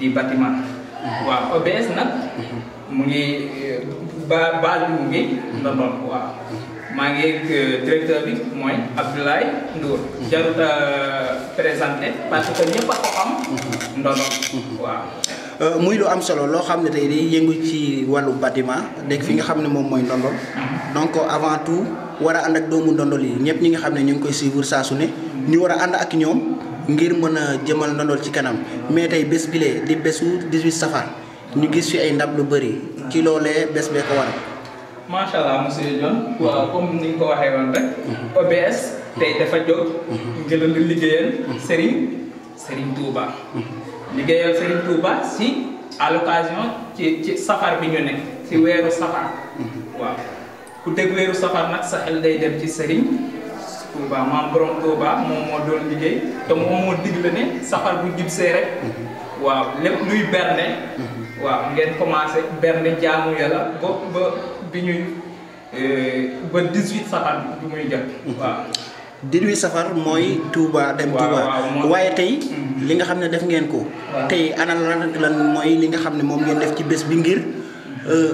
du bâtiment waaw OBS nag mu ngi euh, ba base ngi mhm. Ndondol waaw maa ngi ak euh, directeur bi mooy Abdoulaye Ndour mhm. jaruta euh, présenté parce que ñëpp a ko xam mhm. Ndondol waaw muy lu am solo loo xam ne tey day yëngu ci wàllu bâtiment dégg fi nga xam ne moom mooy Ndondol donc avant tout war a ànd ak doomu Ndondol yi ñëpp ñi nga xam ne ñu ngi koy suivre saa su ne ñu war a ànd ak ñoom ngir mën a jëmal ndondol ci kanam mais tey bés bile di bésu 18 safar ñu gis fi ay ndab lu bëri ci loolee bés bee ko waral. macha allah monsieur Dione waaw comme ni nga ko waxee woon rek. OBS tey dafa jóg. jëlal liggéeyal Serigne Serigne Touba. liggéeyal Serigne Touba si à l'occasion ci ci safar bi ñu nekk si weeru safar. waaw ku dégg weeru safar nag sa xel dem ci Serigne. Touba ma borom Touba mo mo doon liggey te mo mo diglé né safar bu jibsee rek mhm. waaw lepp luy berné mhm. waaw ngeen commencé berné jaamu yalla bo ba biñu euh ba 18 safar bu muy jot waaw 18 safar mooy Touba dem Touba waaye tey mhm. li nga xam def ngeen ko tey ana lan lan mooy li nga xam ne ngeen def ci bes bi ngir euh,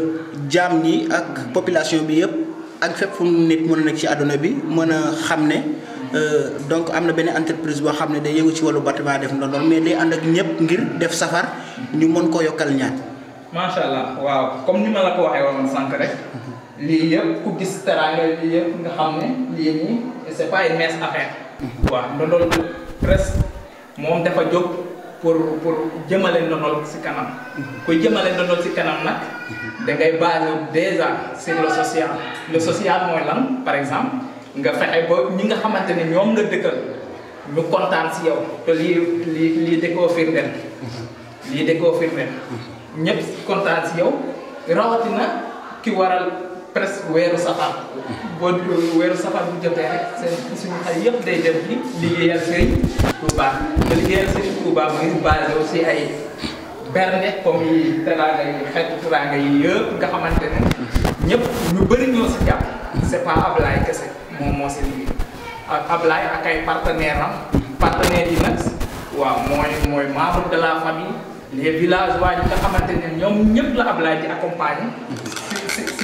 jaam ak population bi ak fépp nit mën a nekk ci àdduna bi mën a xam ne euh, donc am na benn entreprise boo xam ne day yëngu ci wàllu bâtiment def ndondol mais day ànd ak ñëpp ngir def safar ñu mën ko yokkal ñaar. macha allah waaw comme ni ma la ko waxee woon sànq rek lii yëpp ku gis teraanga lii yëpp nga xam ne lii nii c'est pas une mince affaire. Mhm. waaw ndondol presque moom dafa jóg. pour pour jëmale ndondol si kanam ku jëmale ndondol si kanam nag da ngay basé déjà sur le social le social mooy lan par exemple nga fexe ba ñi nga xamante ne ñoom nga dëkkal ñu kontaan si yow te lii lii lii dëkkoo firndeel lii dëkkoo firndeel ñëpp kontaan si yow rawatina ki waral presque weeru safar boo weeru safar bu jotee rek seen suñu xel yëpp day dem ci liggéeyal Serigne Touba te liggéeyal Serigne Touba mu ngi basé aussi ay berne comme yi teraanga yi xeetu teraanga yi yëpp nga xamante ne ñëpp ñu bëri ñoo si jàpp c'est pas Ablaye kese moom moo si liggéey ak Ablaye ak ay partenaire am partenaires yi nag waaw mooy mooy membre de la famille les villageois yi nga xamante ne ñoom la Ablaye di accompagner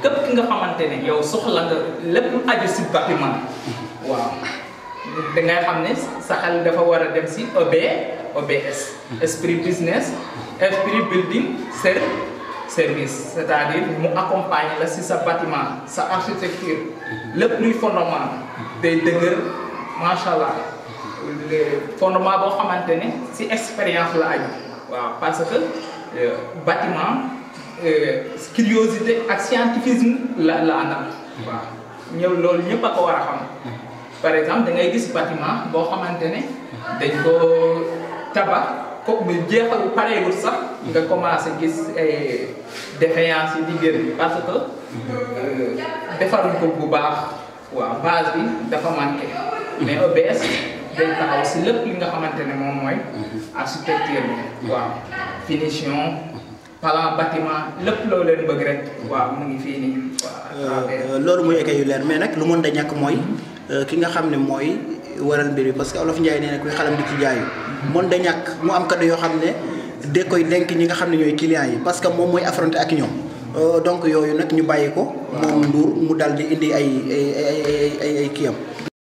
képp ki nga xamante ni yow soxla nga lépp aju si bâtiment waaw dangay xam ne sa xel dafa war a dem si OB OBS esprit business esprit building ser service c'est-à-dire mu accompagne la si sa bâtiment sa architecture lépp luy fondement day dëgër macha allah fondement boo xamante ni si expérience la aju waaw parce que euh, Euh, curiosité ak scientifisme la la anam waaw ñëw loolu ñëpp a ko war xam par exemple da ngay gis bâtiment bo xamantene dañ ko tabax ko bu jeexal pareegul sax nga commencé gis ay eh, défaillance yi di génn parce que euh, defaruñ ko bu baax wa base bi dafa manqué mais OBS day taxaw ci lepp li nga xamantene ne moy architecture bi waaw finition pala lépp loo leen bëgg waaw mu ngi euh, euh, loolu muy école yu leer mais nag lu mën da ñàkk mooy mhm. euh, ki nga xam ne mooy waral mbir yi parce que olof Ndiaye nee na kuy xalam di ci jaayu. da mhm. ñàkk mu am kado yoo xam ne de koy denk ñi nga xam ne ñooy clients yi parce que moom mooy affronté ak ñoom. donc yooyu nag ñu bàyyi ko. moom Ndour mu dal di indi ay ay ay ay ay kiyam.